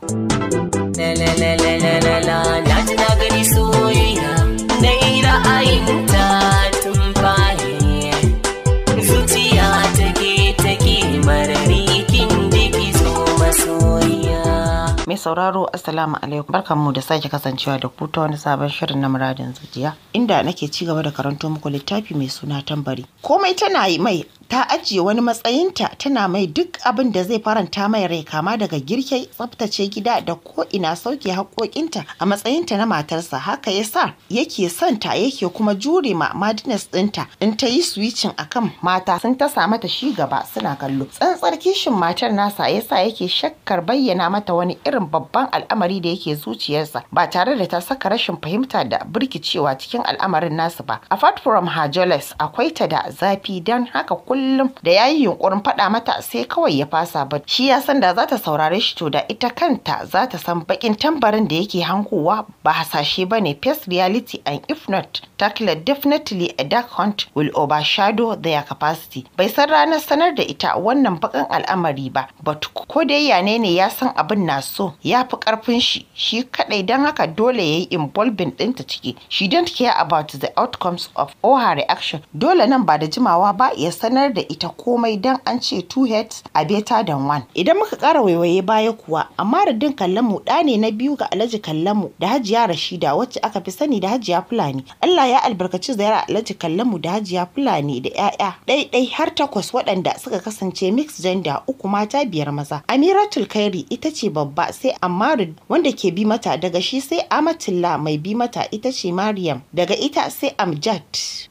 tun zuciya take take Mai sauraro Assalamu alaikum barkanmu da sake kasancewa da ku ta wani sabon shirin na muradin zuciya inda nake ci gaba da karanto muku littafi mai suna tambari komai tana yi mai ta ajiye wani matsayinta tana mai duk abin da zai faranta mai rai kama daga girke tsaftace gida da ko ina sauke haƙoƙinta a matsayinta na matarsa haka ya sa yake son ta yake kuma jure ma madness ɗinta in ta yi switching akan mata sun ta sa mata shi gaba suna kallo tsantsar kishin matar nasa yasa yake shakkar bayyana mata wani irin babban al'amari da yake zuciyarsa ba tare da ta saka rashin fahimta da birkicewa cikin al'amarin nasu ba apart from her jealous akwai ta da zafi don haka kullum kullum da yayi yunkurin faɗa mata sai kawai ya fasa ba shi ya san da za ta saurare shi to da ita kanta za ta san bakin tambarin da yake hankowa ba hasashe ba ne face reality and if not tackle definitely a dark hunt will overshadow their capacity bai san ranar sanar da ita wannan bakan al'amari ba but ko dai ya ne ya san abin na so ya fi karfin shi shi kadai dan haka dole yayi yi involving ta ciki she don't care about the outcomes of OHA her reaction dole nan ba da jimawa ba ya sanar fitar da ita komai don an ce two heads a beta dan one idan muka ƙara waiwaye baya kuwa amma radin mu ɗa ne na biyu ga alhaji mu da hajiya rashida wacce aka fi sani da hajiya fulani allah ya albarkaci ziyara alhaji kallamu da hajiya fulani da 'ya'ya ɗaiɗai har takwas waɗanda suka kasance mix gender uku mata biyar maza amiratul kairi ita ce babba sai amaru wanda ke bi mata daga shi sai Amatilla mai bi mata ita ce mariam daga ita sai amjad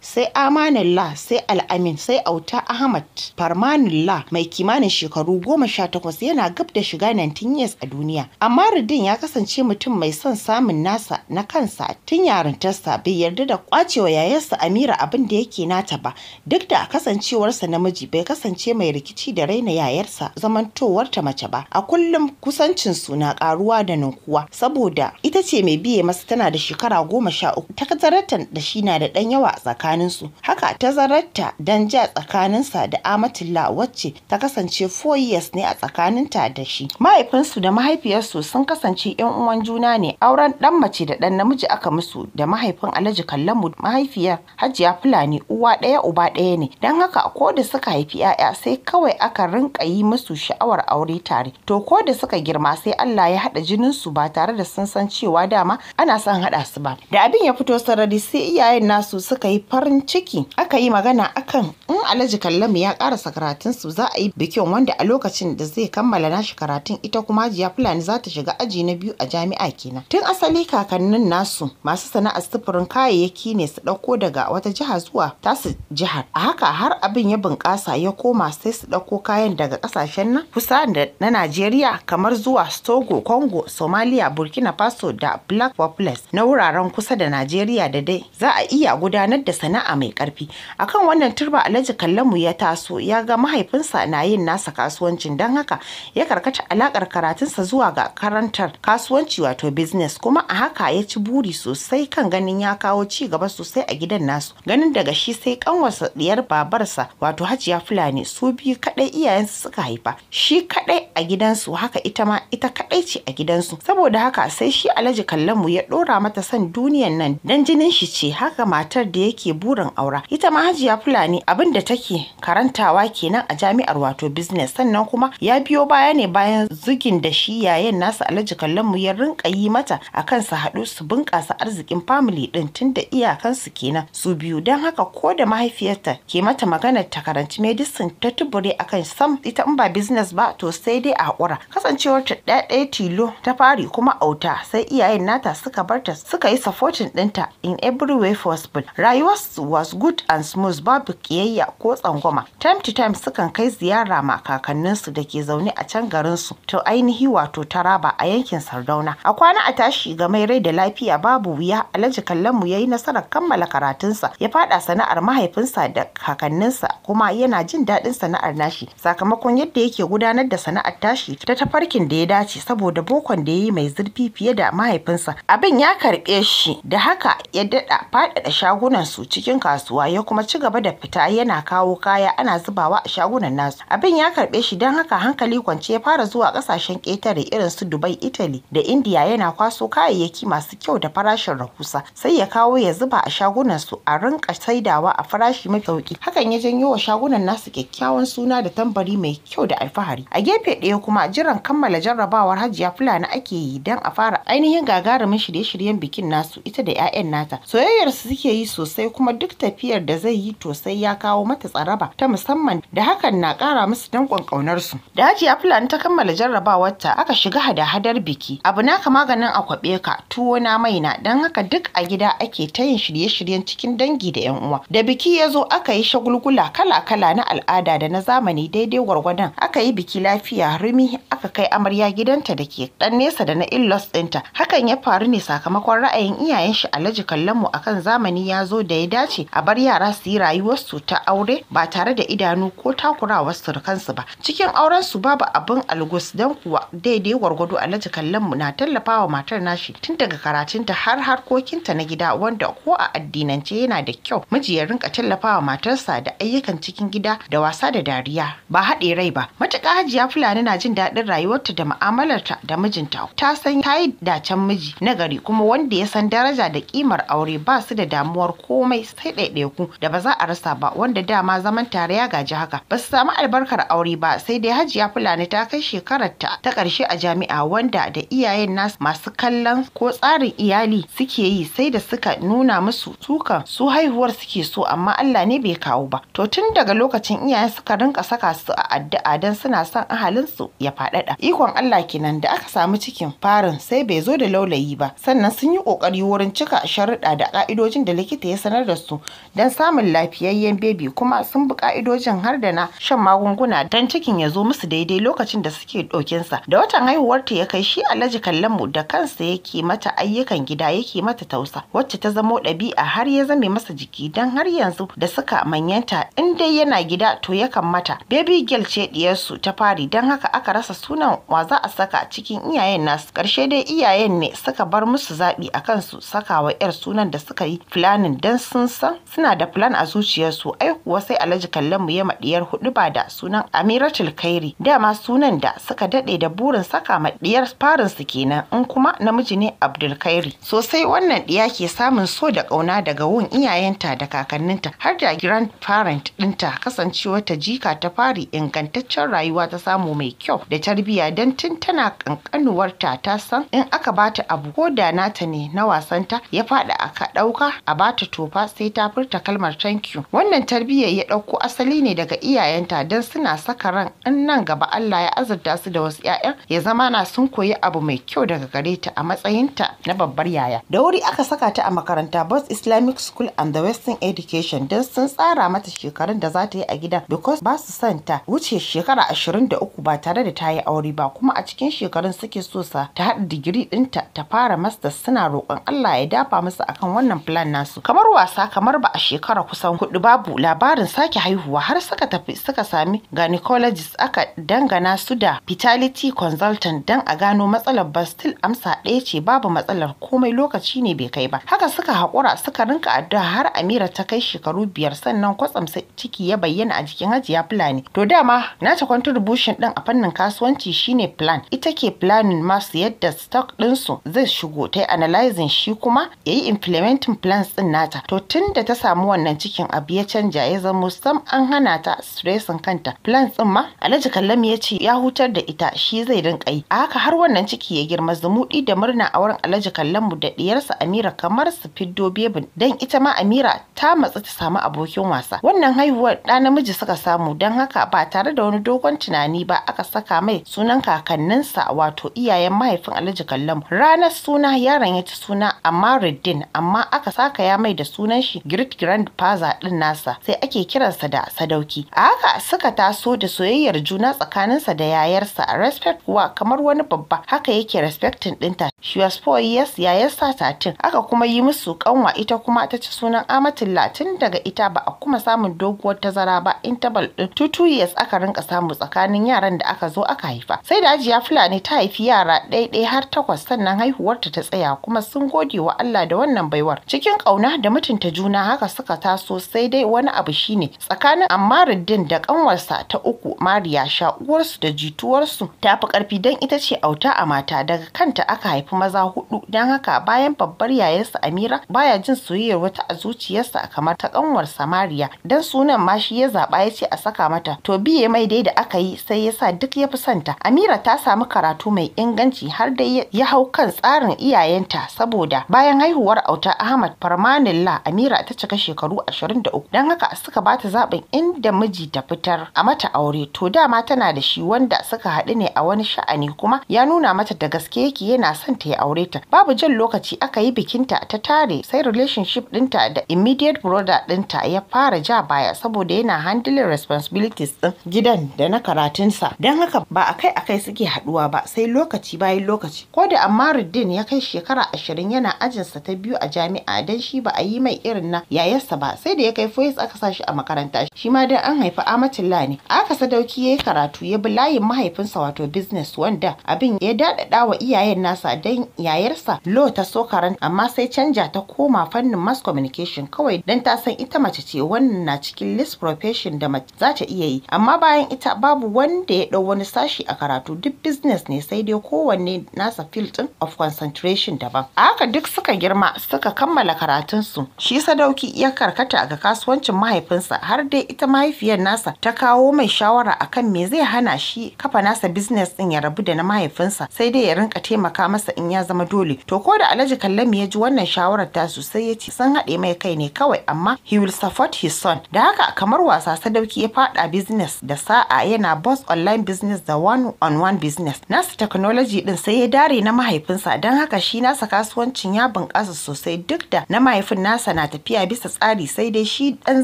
sai amanallah sai al'amin sai auta Ahmad Farmanullah mai kimanin shekaru goma sha takwas yana gab da shiga 19 years a duniya. Amma Rudin ya kasance mutum mai son samun nasa na kansa tun yarintarsa bai yarda da kwacewa yayarsa Amira abin da yake nata ba duk da kasancewarsa namiji bai kasance mai rikici da raina yayarsa zamantowarta mace ba. A kullum kusancin su na karuwa da ninkuwa saboda ita ce mai biye masa tana da shekara goma sha uku. Tazararta da shi na da ɗan yawa tsakaninsu. Haka tazararta don ja tsakanin tsakaninsa da Amatullah wacce ta kasance 4 years ne a tsakaninta da shi. Mahaifinsu da mahaifiyarsu sun kasance 'yan uwan juna ne auren ɗan mace da ɗan namiji aka musu da mahaifin Alhaji Kallamu mahaifiyar Hajiya Fulani uwa ɗaya uba ɗaya ne don haka ko da suka haifi 'ya'ya sai kawai aka rinka yi musu sha'awar aure tare to ko da suka girma sai Allah ya haɗa jininsu ba tare da sun san cewa dama ana son haɗa su ba da abin ya fito sarari sai iyayen nasu suka yi farin ciki aka yi magana akan in Alhaji kallamu ya karasa karatun su za a yi bikin wanda a lokacin da zai kammala nashi karatun ita kuma jiya fulani za ta shiga aji na biyu a jami'a kenan tun asali kakannin nasu masu sana'ar sufurin kayayyaki ne su ɗauko daga wata jiha zuwa tasu jihar a haka har abin ya bunƙasa ya koma sai su ɗauko kayan daga ƙasashen nan kusa na najeriya kamar zuwa togo congo somalia burkina faso da black populous na wuraren kusa da najeriya da dai za a iya gudanar da sana'a mai ƙarfi akan wannan turba alhaji kallamu Adamu ya taso ya ga mahaifinsa na yin nasa kasuwancin don haka ya karkata alakar karatunsa zuwa ga karantar kasuwanci wato business kuma a haka ya ci buri sosai kan ganin ya kawo ci gaba sosai a gidan nasu ganin daga shi sai kanwarsa diyar babarsa wato Hajiya Fulani su biyu kadai iyayensu suka haifa shi kadai a gidansu haka ita ma ita kadai ce a gidansu saboda haka sai shi Alhaji mu ya dora mata son duniyan nan dan jinin shi ce haka matar da yake burin aura ita ma Hajiya Fulani abin da take karantawa kenan a jami'ar wato business sannan kuma ya biyo baya ne bayan zugin da shi yayin nasa alhaji kallonmu ya rinka yi mata akan su haɗu su bunƙasa arzikin family ɗin tunda da iyakansu kenan su biyu don haka ko da mahaifiyarta ke mata maganar ta karanci medicine ta tubure akan sam ita in ba business ba to sai dai a haƙura kasancewar ta ɗaya tilo ta fari kuma auta sai iyayen nata suka barta suka yi supporting ɗinta in every way possible rayuwar was good and smooth babu kiyayya ko tsangwama time to time sukan kai ziyara ma kakanninsu da ke zaune a can garinsu to ainihi wato taraba a yankin sardauna a kwana a tashi ga mai rai da lafiya babu wuya alhaji kallonmu ya yi nasarar kammala karatunsa ya fada sana'ar mahaifinsa da kakanninsa kuma yana jin daɗin sana'ar nashi sakamakon yadda yake gudanar da sana'ar tashi ta tafarkin da ya dace saboda bokon da ya yi mai zurfi fiye da mahaifinsa abin ya karɓe shi da haka ya daɗa faɗaɗa shagunansu cikin kasuwa ya kuma ci gaba da fita yana kawo kaya ana zubawa a shagunan nasu abin ya karbe shi don haka hankali kwance ya fara zuwa kasashen ƙetare irin su dubai italy da india yana kwaso kayayyaki masu kyau da farashin rahusa sai ya kawo ya zuba a shagunan su a rinka saidawa a farashi mafi sauki hakan ya janyo wa shagunan nasu kyakkyawan suna da tambari mai kyau da alfahari a gefe ɗaya kuma jiran kammala jarrabawar hajiya fulani ake yi don a fara ainihin gagarumin shirye-shiryen bikin nasu ita da 'ya'yan nata soyayyar su suke yi sosai kuma duk tafiyar da zai yi to sai ya kawo mata tsara Taraba ta musamman da hakan na ƙara musu danƙon ƙaunarsu. Da Hajiya Fulani ta kammala jarrabawar ta. aka shiga hada-hadar biki. Abu naka maganin kwaɓe ka tuwo na maina don haka duk a gida ake ta yin shirye-shiryen cikin dangi da 'yan uwa. Da biki ya zo aka yi shagulgula kala-kala na al'ada da na zamani daidai gwargwadon aka yi biki lafiya rumi aka kai amarya gidanta da ke ɗan nesa da na illos ɗinta. Hakan ya faru ne sakamakon ra'ayin iyayen shi Alhaji Kallamu akan zamani ya zo da ya dace a bar yara su yi rayuwarsu ta aure ba ba tare da idanu ko da kansu ba cikin auren su babu abin algus don kuwa daidai gwargwado alhaji kallon na tallafawa matar nashi tun daga karatunta har harkokinta na gida wanda ko a addinance yana da kyau miji ya rinka tallafawa matarsa da ayyukan cikin gida da wasa da dariya ba haɗe rai ba matuƙa hajiya fulani na jin daɗin rayuwarta da mu'amalarta da mijinta ta san ta yi dacen miji na gari kuma wanda ya san daraja da ƙimar aure ba su da damuwar komai sai ɗaiɗaiku da ba za a rasa ba wanda dama zaman tare ya gaji haka ba su samu albarkar aure ba sai dai hajiya fulani ta kai shekarar ta ta karshe a jami'a wanda da iyayen nasu masu kallon ko tsarin iyali suke yi sai da suka nuna musu tukan su haihuwar suke so amma Allah ne bai kawo ba to tun daga lokacin iyaye suka rinka saka su a addu'a dan suna son ahalin su ya faɗaɗa ikon Allah kenan da aka samu cikin farin sai bai zo da laulayi ba sannan sun yi ƙoƙari wurin cika sharuɗa da ƙa'idojin da likita ya sanar da su don samun lafiyayyen bebi kuma sun bi ka'idojin har da na shan magunguna don cikin ya zo musu daidai lokacin da suke ɗokinsa. Da watan haihuwarta ya kai shi Alhaji mu da kansa yake mata ayyukan gida yake mata tausa wacce ta zamo ɗabi'a har ya zame masa jiki don har yanzu da suka manyanta in dai yana gida to yakan mata. Baby girl ce diyarsu ta fari don haka aka rasa sunan wa za a saka cikin iyayen nasu. Ƙarshe dai iyayen ne suka bar musu zaɓi a kansu sakawa 'yar sunan da suka yi filanin don sun san suna da filan a zuciyarsu ai kuwa sai alajikan kallon ya maɗiyar hudu ba da sunan amiratul kairi dama sunan da suka daɗe da burin saka maɗiyar farin su kenan in kuma namiji ne abdul kairi sosai wannan ɗiya ke samun so da ƙauna daga wun iyayenta da kakanninta har da grand parent ɗinta kasancewa ta jika ta fari ingantaccen rayuwa ta samu mai kyau da tarbiyya don tun tana ƙanƙanuwarta ta san in aka bata abu ko da nata ne na wasanta ya faɗi aka ɗauka a bata tofa sai ta furta kalmar thank you wannan tarbiyyar ya ɗauko asali ne daga iyayenta don suna saka ran in nan gaba Allah ya azurta su da wasu 'ya'yan ya zama na sun koyi abu mai kyau daga gare ta a matsayinta na babbar yaya. Da wuri aka saka ta a makaranta Both Islamic School and the Western Education don sun tsara mata shekarun da za ta yi a gida because ba su son ta wuce shekara 23 ba tare da ta yi aure ba kuma a cikin shekarun suke so sa ta haɗa digiri ɗinta ta fara masters suna roƙon Allah ya dafa musu akan wannan plan nasu. Kamar wasa kamar ba a shekara kusan hudu babu labarin sa. sake haihuwa har suka tafi suka sami gynecologist aka dangana su da fertility consultant don a gano matsalar ba bastil amsa ɗaya ce babu matsalar komai lokaci ne bai kai ba haka suka haƙura suka rinka addu'a har amira ta kai shekaru biyar sannan kwatsam ciki ya bayyana a jikin hajiya fulani to dama na ta contribution ɗin a fannin kasuwanci shine plan ita ke planning masu yadda stock ɗinsu zai shigo ta yi analyzing shi kuma yayi yi implementing plans ɗin nata to tun da ta samu wannan cikin abu ya canja ya zamo tsaro an hana ta stressin kanta plan din ma alhaji kallami ya ce ya hutar da ita shi zai rinka yi a haka har wannan ciki ya girma zumuɗi da murna a wurin alhaji mu da ɗiyarsa amira kamar su fiddo bebin dan ita ma amira ta matsa ta samu abokin wasa wannan haihuwar ɗa namiji suka samu don haka ba tare da wani dogon tunani ba aka saka mai sunan kakanninsa wato iyayen mahaifin alhaji mu. ranar suna yaron ya ci suna amma riddin amma aka saka ya mai da sunan shi great grandfather ɗin nasa sai ake kira kiransa da sadauki a haka suka taso da soyayyar juna tsakaninsa da yayarsa a respect kuwa kamar wani babba haka yake respecting ɗinta she was four years yayarsa tatin aka kuma yi musu kanwa ita kuma ta ci sunan amatilla tun daga ita ba a kuma samun doguwar tazara ba interval ɗin two two years aka rinka samu tsakanin yaran da aka zo aka haifa sai da ajiya fulani ta haifi yara ɗaiɗai har takwas sannan haihuwarta ta tsaya kuma sun gode wa Allah da wannan baiwar cikin ƙauna da mutunta juna haka suka taso sai dai wani abu shine tsakanin tsakanin din da kanwarsa ta uku Mariya Sha uwarsu da jituwarsu ta fi karfi don ita ce auta a mata daga kanta aka haifi maza hudu don haka bayan babbar yayarsa Amira baya jin soyayyar wata a zuciyarsa kamar ta kanwarsa Mariya dan sunan ma shi ya zaba ya ce a saka mata to biye mai dai da aka yi sai yasa duk ya fi santa Amira ta samu karatu mai inganci har dai ya hau kan tsarin iyayenta saboda bayan haihuwar auta Ahmad farmanilla Amira ta cika shekaru 23 don haka suka ba ta zaɓin inda miji ta fitar a mata aure to dama tana da shi wanda suka haɗu ne a wani sha'ani kuma ya nuna mata da gaske yake yana son ta yi aure ta babu jan lokaci aka yi bikinta ta tare sai relationship ɗinta da immediate brother ɗinta ya fara ja baya saboda yana handling responsibilities ɗin gidan da na karatunsa don haka ba a kai a kai suke haɗuwa ba sai lokaci bayan lokaci ko da Amaruddin ya kai shekara ashirin yana ajinsa ta biyu a jami'a don shi ba a yi mai irin na yayarsa ba sai da ya kai fois aka sa shi a makaranta shi ma dai an haifi Amatullah ne aka sadauki yayi karatu ya bi layin mahaifinsa wato business wanda abin ya dadada wa iyayen nasa dan yayarsa lo ta so karanta amma sai canja ta koma fannin mass communication kawai dan ta san ita mace ce wannan na cikin list profession da mace za ta iya yi amma bayan ita babu wanda ya dau wani sashi a karatu duk business ne sai dai kowanne nasa field din of concentration daban Aka duk suka girma suka kammala karatunsu shi sadauki ya karkata ga kasuwancin mahaifinsa nasa har dai ita mahaifiyar nasa ta kawo mai shawara akan me zai hana shi kafa nasa business din ya rabu da na mahaifinsa sai dai ya rinka taimaka masa in ya zama dole to ko da Alhaji Kallami ya ji wannan shawarar ta sosai ya ce sun haɗe mai kai ne kawai amma he will support his son da haka kamar wasa sadauki ya faɗa business da sa'a yana boss online business da one on one business nasa technology din sai ya dare na mahaifinsa don haka shi nasa kasuwancin ya bunƙasa sosai duk da na mahaifin nasa na tafiya bisa tsari sai dai shi ɗan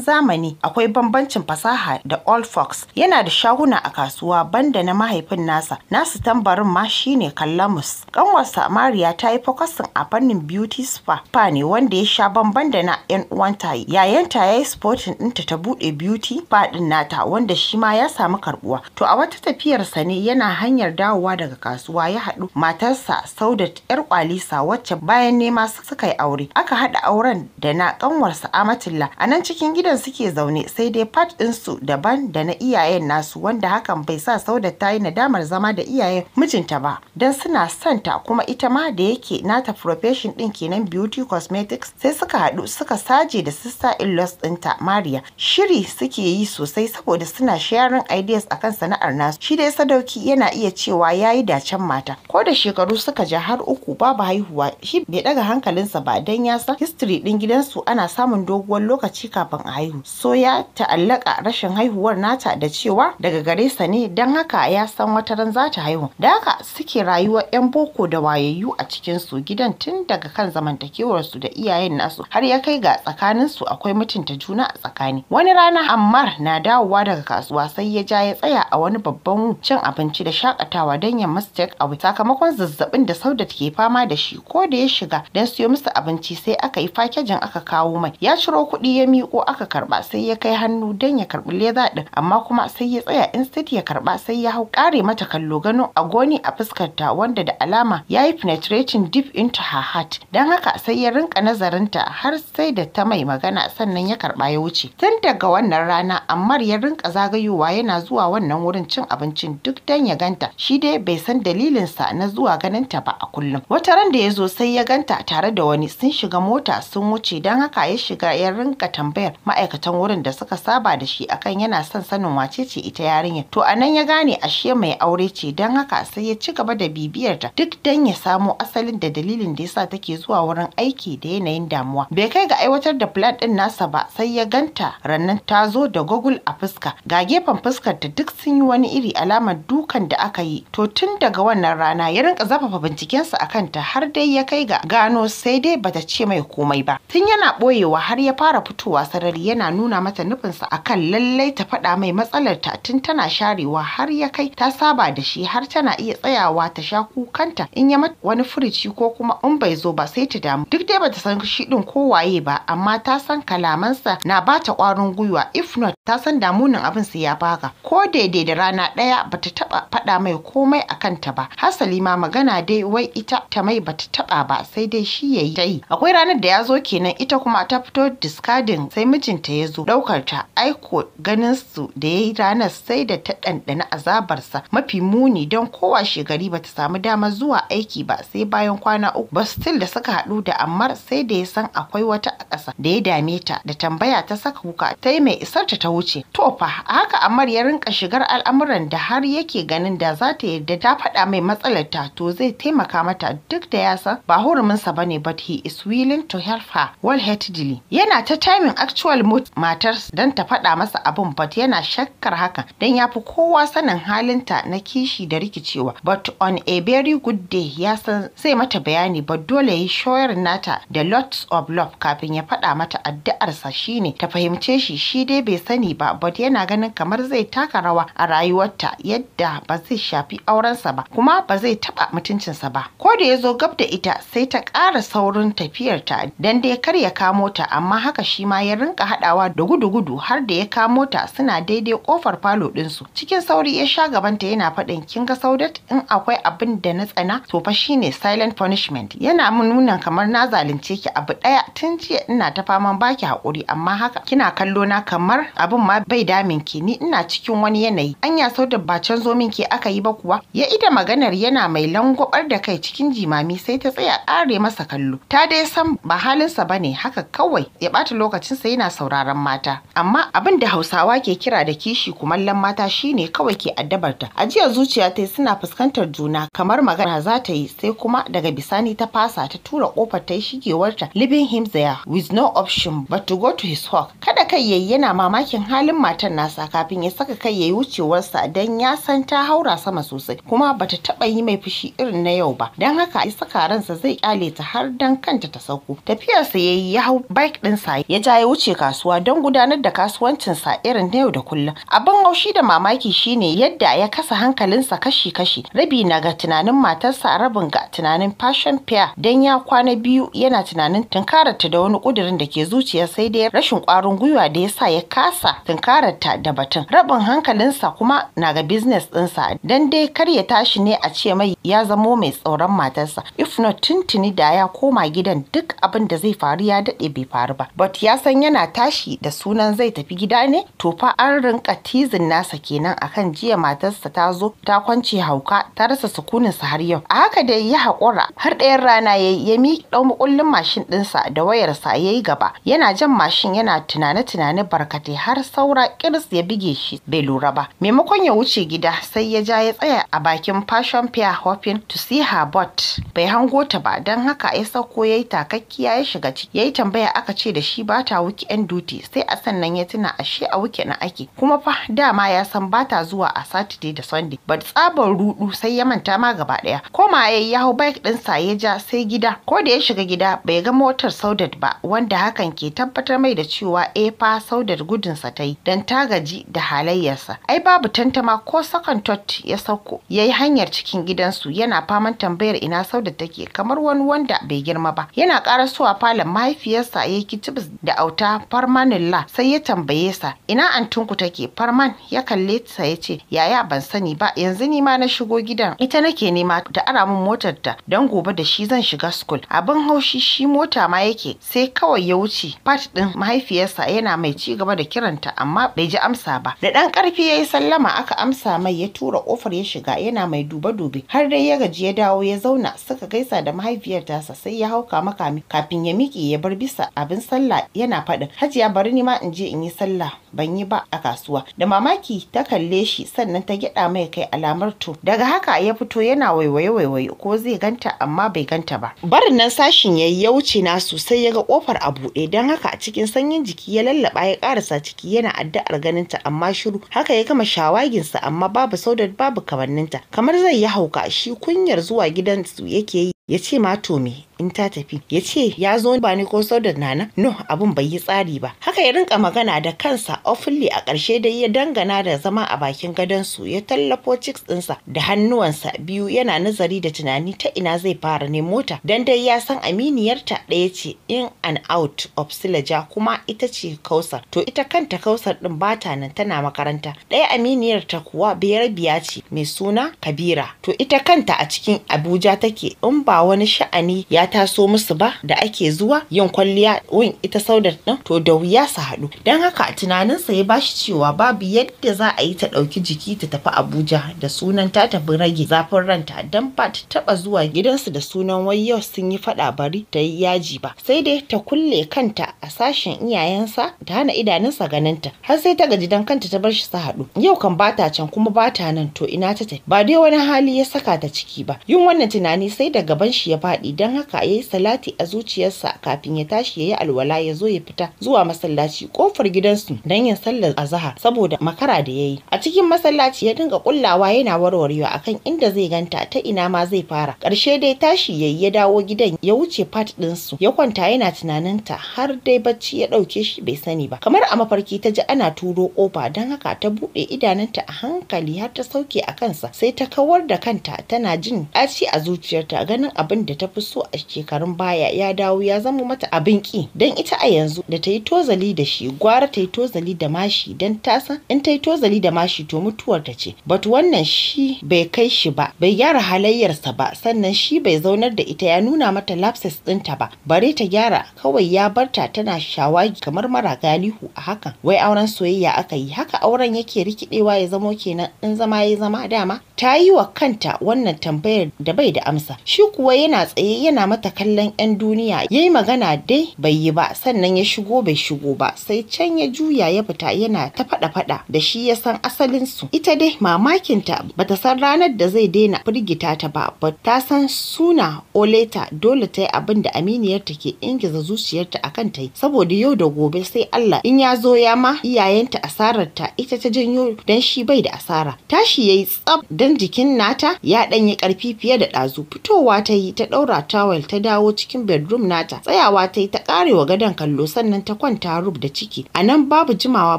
zamani akwai bambancin fasaha da Old Fox yana da shaguna a kasuwa banda na mahaifin nasa nasu tambarin ma shine Kallamus. Kanwarsa Mariya ta yi fokasin a fannin beauty spa fa ne wanda ya sha bamban da na yan uwanta yayanta ya yi sportin ɗinta ta buɗe beauty spa ɗin nata wanda shi ma ya samu karɓuwa. To a wata tafiyarsa ne yana hanyar dawowa daga kasuwa ya haɗu matarsa Saudat yar kwalisa wacce bayan nema suka yi aure aka haɗa auren da na kanwarsa Amatullah a nan cikin gidan suke zaune zaune sai dai part ɗinsu daban da na iyayen nasu wanda hakan bai sa sauda ta yi nadamar zama da iyayen mijinta ba don suna santa kuma ita ma da yake nata profession din kenan beauty cosmetics sai suka haɗu suka saje da sister in laws ɗinta maria shiri suke yi sosai saboda suna sharing ideas akan sana'ar nasu shi dai sadauki yana iya cewa ya yi dacen mata ko da shekaru suka ja har uku babu haihuwa shi bai ɗaga hankalinsa ba don ya san history ɗin gidansu ana samun doguwar lokaci kafin a haihu so ya ta'allaka rashin haihuwar nata da cewa daga gare sa ne don haka ya san wata ran za ta haihu da haka suke rayuwa 'yan boko da wayayyu a cikin su gidan tun daga kan zamantakewar su da iyayen nasu har ya kai ga tsakanin su akwai mutunta juna a tsakani wani rana ammar na dawowa daga kasuwa sai ya ja ya tsaya a wani babban cin abinci da shakatawa don ya a abu sakamakon zazzabin da saudat ke fama da shi ko da ya shiga don siyo musu abinci sai aka yi fakejin aka kawo mai ya ciro kuɗi ya miƙo aka karba sai ya kai hannu don ya karbi leda din amma kuma sai ya tsaya in instead ya karɓa sai ya hau kare mata kallo gano goni a fuskarta wanda da alama ya yi penetrating deep into her heart don haka sai ya rinka nazarinta har sai da ta mai magana sannan ya karba ya wuce tun daga wannan rana ammar ya rinka zagayowa yana zuwa wannan wurin cin abincin duk dan ya ganta shi dai bai san dalilinsa na zuwa ganinta ba a kullum wata ran da ya zo sai ya ganta tare da wani sun shiga mota sun wuce don haka ya shiga ya rinka tambayar ma'aikatan wurin burin da suka saba da shi akan yana son sanin wace ce ita yarinyar to anan ya gane ashe mai aure ce don haka sai ya ci gaba da bibiyar ta duk dan ya samo asalin da dalilin da yasa take zuwa wurin aiki da yanayin damuwa bai kai ga aiwatar da plan din nasa ba sai ya ganta rannan ta zo da gogul a fuska ga gefen fuskar ta duk sun yi wani iri alamar dukan da aka yi to tun daga wannan rana ya rinka zafafa bincikensa akan ta har dai ya kai ga gano sai dai bata ce mai komai ba tun yana boyewa har ya fara fitowa sarari yana nuna mata nufinsa a kan lallai ta faɗa mai Matsalarta tun tana sharewa har ya kai ta saba da shi har tana iya tsayawa ta sha kukanta in ya mata wani furici ko kuma in bai zo ba sai ta damu duk dai bata san shi din ko waye ba amma ta san kalamansa na bata kwarin gwiwa if not ta san damunin abin su ya baka ko daidai da rana ɗaya bata taba faɗa mai komai a kanta ba hasali ma magana dai wai ita ta mai bata taɓa ba sai dai shi yayi akwai ranar da ya zo kenan ita kuma ta fito discarding sai mijinta ya zo ɗaukar ta aiko ganin su da ya yi ranar sai da ta ɗanɗana azabarsa mafi muni don kowa shegari ba ta samu dama zuwa aiki ba sai bayan kwana uku ba still da suka haɗu da ammar sai da ya san akwai wata a ƙasa da ya dame ta da tambaya ta saka kuka ta mai isar ta ta wuce to fa haka ammar ya rinka shigar al'amuran da har yake ganin da za ta yarda ta faɗa mai matsalar ta to zai taimaka mata duk da ya san ba huruminsa bane but he is willing to help her wholeheartedly yana ta timing actual mood matar don ta faɗa masa abin but yana shakkar haka don ya fi kowa sanin halinta na kishi da rikicewa but on a very good day ya san zai mata bayani but dole ya yi shoyar nata da lots of love kafin ya faɗa mata addu'arsa shine ta fahimce shi shi dai bai sani ba but yana ganin kamar zai taka rawa a rayuwarta yadda ba zai shafi aurensa ba kuma ba zai taɓa mutuncinsa ba ko da ya zo gab da ita sai ta ƙara saurin tafiyarta don dai kar ya kamo ta amma haka shi ma ya rinka haɗawa da gudu-gudu har da ya kamo ta suna daidai kofar falo ɗinsu. Cikin sauri ya sha gabanta yana faɗin kin ga Saudat in akwai abin da na tsana to fa shine silent punishment. Yana mun nuna kamar na zalunce ki abu ɗaya tun jiya ina ta faman baki haƙuri amma haka kina kallo na kamar abin ma bai damin ki ni ina cikin wani yanayi. Anya Saudat ba can zo min ki aka yi ba kuwa. Ya ida maganar yana mai langwabar da kai cikin jimami sai ta tsaya ƙare masa kallo. Ta dai san ba halinsa bane haka kawai ya ɓata lokacinsa yana sauraron ma mata amma abin da hausawa ke kira da kishi kumallon mata shine kawai ke addabar ta ajiyar zuciya ta suna fuskantar juna kamar magana za ta yi sai kuma daga bisani ta fasa ta tura kofar ta yi ta living him there with no option but to go to his work kada kai yayi yana mamakin halin matan nasa kafin ya saka kai yayi wucewarsa dan ya san ta haura sama sosai kuma bata taba yi mai fushi irin na yau ba Don haka ya saka ransa zai kyale ta har dan kanta ta sauko tafiyarsa yayi ya hau bike ɗinsa ya ja ya wuce kasuwa don gudanar da kasuwancinsa irin na yau da kullum. Abin haushi da mamaki shine yadda ya kasa hankalinsa kashi-kashi, rabi na ga tunanin matarsa rabin ga tunanin fashion fair don ya kwana biyu yana tunanin tunkararta da wani kudurin da ke zuciya sai dai rashin kwarin gwiwa da ya sa ya kasa tunkararta da batun. Rabin hankalinsa kuma na ga business dinsa. don dai kar ya tashi ne a ce mai ya zamo mai tsoron matarsa. If not tuntuni da ya koma gidan duk abin da zai faru ya daɗe bai faru ba. But ya san yana tashi da sunan zai tafi gida ne to fa an rinka tizin nasa kenan akan jiya matarsa ta zo ta kwance hauka ta rasa sukunin sa har yau a haka dai ya haƙura har ɗayan rana ya ya mi ɗau makullin mashin ɗinsa da wayarsa ya yi gaba yana jan mashin yana tunane-tunane barkatai har saura kiris ya buge shi bai lura ba maimakon ya wuce gida sai ya ja ya tsaya a bakin fashion fair hopin to see her but bai hango ta ba don haka ya sauko ya yi takakkiya ya shiga ciki ya yi tambaya aka ce da shi ba ta wuki yan duty sai a sannan ya tuna ashe a wuke na ake kuma fa dama ya san bata zuwa a Saturday da Sunday ba tsabar rudu sai ya manta ma gaba daya ko ma ya hau bike din sa ya ja sai gida ko da ya shiga gida bai ga motar Saudat ba wanda hakan ke tabbatar mai da cewa eh fa Saudat gudun sa tai dan ta gaji da halayyarsa ai babu tantama ko sakan tot ya sauko yayi hanyar cikin gidansu yana faman tambayar ina Saudat take kamar wani wanda bai girma ba yana karasowa falon mahaifiyarsa yayi kitibis da auta farmanin sai ya tambaye sa ina antunku take Farman ya kalle ta ya ce yaya ban sani ba yanzu ni ma na shigo gidan ita nake nema da ara min motar ta don gobe da shi zan shiga school abin haushi shi mota ma yake sai kawai ya wuce Pat din mahaifiyarsa yana mai ci gaba da kiranta amma bai ji amsa ba da dan karfi yayi sallama aka amsa mai ya tura kofar ya shiga yana mai duba dube har dai ya gaji ya dawo ya zauna suka gaisa da mahaifiyar tasa sai ya hauka makami kafin ya miƙe ya bar bisa abin sallah yana faɗin hajiya bari ni ma in je in yi sallah ban yi ba a kasuwa da mamaki ta kalle shi sannan ta gyada mai kai alamar to daga haka ya fito yana waiwaye waiwaye ko zai ganta amma bai ganta ba barin nan sashin yayi ya wuce na sosai ya ga kofar a buɗe don haka a cikin sanyin jiki ya lallaba ya karasa ciki yana addu'ar ganinta amma shiru haka ya kama shawaginsa amma babu saudar babu kamanninta kamar zai yi hauka shi kunyar zuwa gidan su yake yi ya ce ma to me in ta tafi ya ce ya zo ba ni ko da nana no abun bai yi tsari ba haka ya rinka magana da kansa ofili a ƙarshe dai ya dangana da zama a bakin gadonsu ya tallafo chicks ɗinsa da hannuwansa biyu yana nazari da tunani ta ina zai fara ne mota dan dai ya san aminiyarta ɗaya ce in and out of silaja kuma ita ce kausar to ita kanta kausar ɗin bata nan tana makaranta ɗaya aminiyarta kuwa biyar biya ce mai suna kabira to ita kanta a cikin abuja take in ba wani sha'ani ya ta so musu ba da ake zuwa yin kwalliya win ita saudar din to da wuya su haɗu don haka tunaninsa ya bashi cewa babu yadda za a yi ta ɗauki jiki ta tafi abuja da sunan ta tafi rage zafin ranta don ba ta taɓa zuwa gidansu da sunan wai yau sun yi faɗa bari ta yi yaji ba sai dai ta kulle kanta a sashen iyayensa da hana idanunsa ganinta har sai ta gaji don kanta ta bar shi su haɗu yau kan ba ta can kuma ba ta nan to ina ta tafi ba dai wani hali ya saka ta ciki ba yin wannan tunani sai da gaban shi ya faɗi don haka haka ya salati a zuciyarsa kafin ya tashi ya yi alwala ya zo ya fita zuwa masallaci kofar gidansu don yin sallar azahar saboda makara da ya yi a cikin masallaci ya dinga kullawa yana warwarewa akan inda zai ganta ta ina ma zai fara ƙarshe dai tashi ya yi ya dawo gidan ya wuce fat ɗinsu ya kwanta yana tunaninta har dai bacci ya ɗauke shi bai sani ba kamar a mafarki ta ji ana turo ƙofa don haka ta buɗe idanunta a hankali har ta sauke a kansa sai ta kawar da kanta tana jin ɗaci a zuciyarta ganin abin da ta fi so a shekarun baya ya dawo ya zama mata abin ki don ita a yanzu da ta yi tozali da shi gwara ta yi tozali da mashi don ta san in ta yi tozali da mashi to mutuwar ta ce but wannan shi bai kai shi ba bai gyara halayyarsa ba sannan shi bai zaunar da ita ya nuna mata lapses ɗinta ba bare ta gyara kawai ya barta tana shawagi kamar mara galihu a hakan wai auren soyayya aka yi haka auren yake rikidewa ya zamo kenan in zama ya zama dama ta yi wa kanta wannan tambayar da bai da amsa shi kuwa yana tsaye yana mata kallon 'yan duniya ya yi magana dai bai yi ba sannan ya shigo bai shigo ba sai can ya juya ya fita yana ta faɗa faɗa da shi ya san asalin su ita dai mamakinta bata san ranar da zai daina firgita ta ba ba ta san suna oleta dole ta yi abin da aminiyar ta ke ingiza zuciyarta akan ta yi saboda yau da gobe sai Allah in ya zo ya ma iyayenta asarar ta ita ta janyo dan shi bai da asara tashi yayi tsab dan jikin nata ya ɗanyi ƙarfi fiye da ɗazu fitowa ta yi ta ɗaura tawel ta dawo cikin bedroom nata tsayawa ta yi ta karewa gadon kallo sannan ta kwanta rub da ciki a nan babu jimawa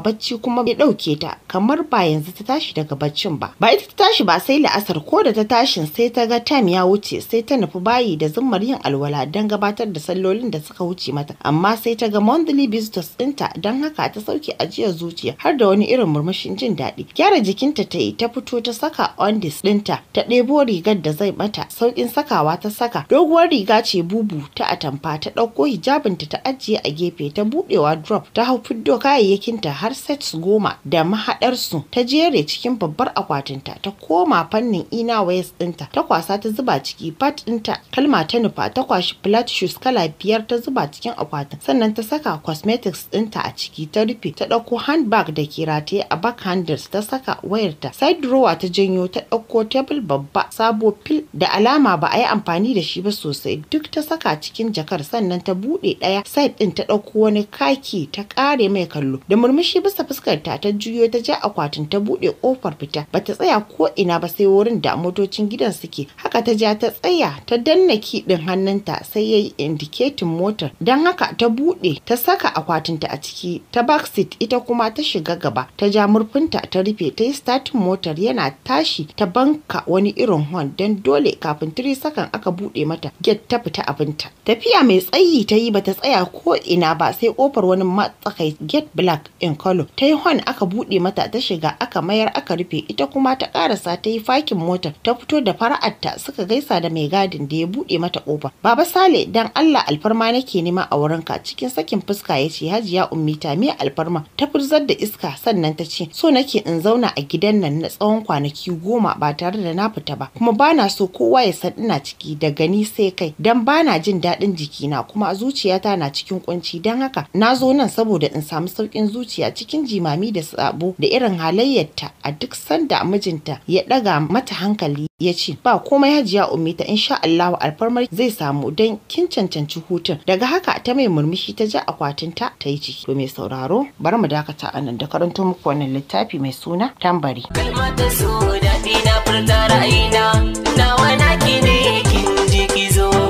bacci kuma ya ɗauke ta kamar ba yanzu ta tashi daga baccin ba ba ita ta tashi ba sai la'asar ko da ta tashin sai ta ga time ya wuce sai ta nufi bayi da zummar yin alwala don gabatar da sallolin da suka wuce mata amma sai ta ga monthly visitors ɗinta don haka ta sauke ajiyar zuciya har da wani irin murmushin jin daɗi gyara jikinta ta yi ta fito ta saka ondis ɗinta ta ɗebo rigar da zai mata saukin sakawa ta saka doguwar riga ce bubu ta atamfa ta ɗauko hijabinta ta ajiye a gefe ta buɗewa drop ta hau fiddo kayayyakinta har sets goma da mahaɗarsu ta jere cikin babbar akwatinta ta koma fannin ina wayas ɗinta ta kwasa ta zuba ciki pat ɗinta kalma ta nufa ta kwashi flat shoes kala biyar ta zuba cikin akwatin sannan ta saka cosmetics ɗinta a ciki ta rufe ta ɗauko handbag da ke rataye a back handles ta saka wayarta side drawer ta janyo ta ɗauko table babba sabo fil da alama ba a yi amfani da shi ba sosai duk ta saka cikin jakar sannan ta buɗe ɗaya side ɗin ta ɗauko wani kaki ta ƙare mai kallo da murmushi bisa fuskar ta ta juyo ta ja akwatin ta buɗe ƙofar fita bata tsaya ko ina ba sai wurin da motocin gidan suke haka ta ja ta tsaya ta danna ɗin hannunta sai ya yi indiketin motar don haka ta buɗe ta saka akwatinta a ciki ta backseat ita kuma ta shiga gaba ta ja murfinta ta rufe ta yi statin motar yana tashi ta banka wani irin horn don dole kafin 3 sakan aka buɗe mata get ta fita abinta. Tafiya mai tsayi ta yi bata tsaya ko ina ba sai kofar wani matsakai gate black in color. Ta yi hon aka buɗe mata ta shiga aka mayar aka rufe ita kuma ta ƙarasa ta yi fakin mota ta fito da fara'arta suka gaisa da mai gadin da ya buɗe mata kofa. Baba Sale dan Allah alfarma nake nema a wurinka cikin sakin fuska ya ce Hajiya Ummi ta me alfarma ta furzar da iska sannan ta ce so nake in zauna a gidan nan na tsawon kwanaki goma ba tare da na fita ba kuma bana so kowa ya san ina ciki daga ni sai kai don ba na jin daɗin jikina kuma zuciyata na cikin kunci don haka na zo nan saboda in samu sauƙin zuciya cikin jimami da sabo da irin halayyarta a duk sanda mijinta ya ɗaga mata hankali ya ce ba komai hajiya umita insha Allahu alfarmar zai samu don kin cancanci hutun daga haka ta mai murmushi ta ja akwatinta ta yi ciki to mai sauraro Bar mu dakata a nan da karanto muku wannan littafi mai suna tambari na furta kin ji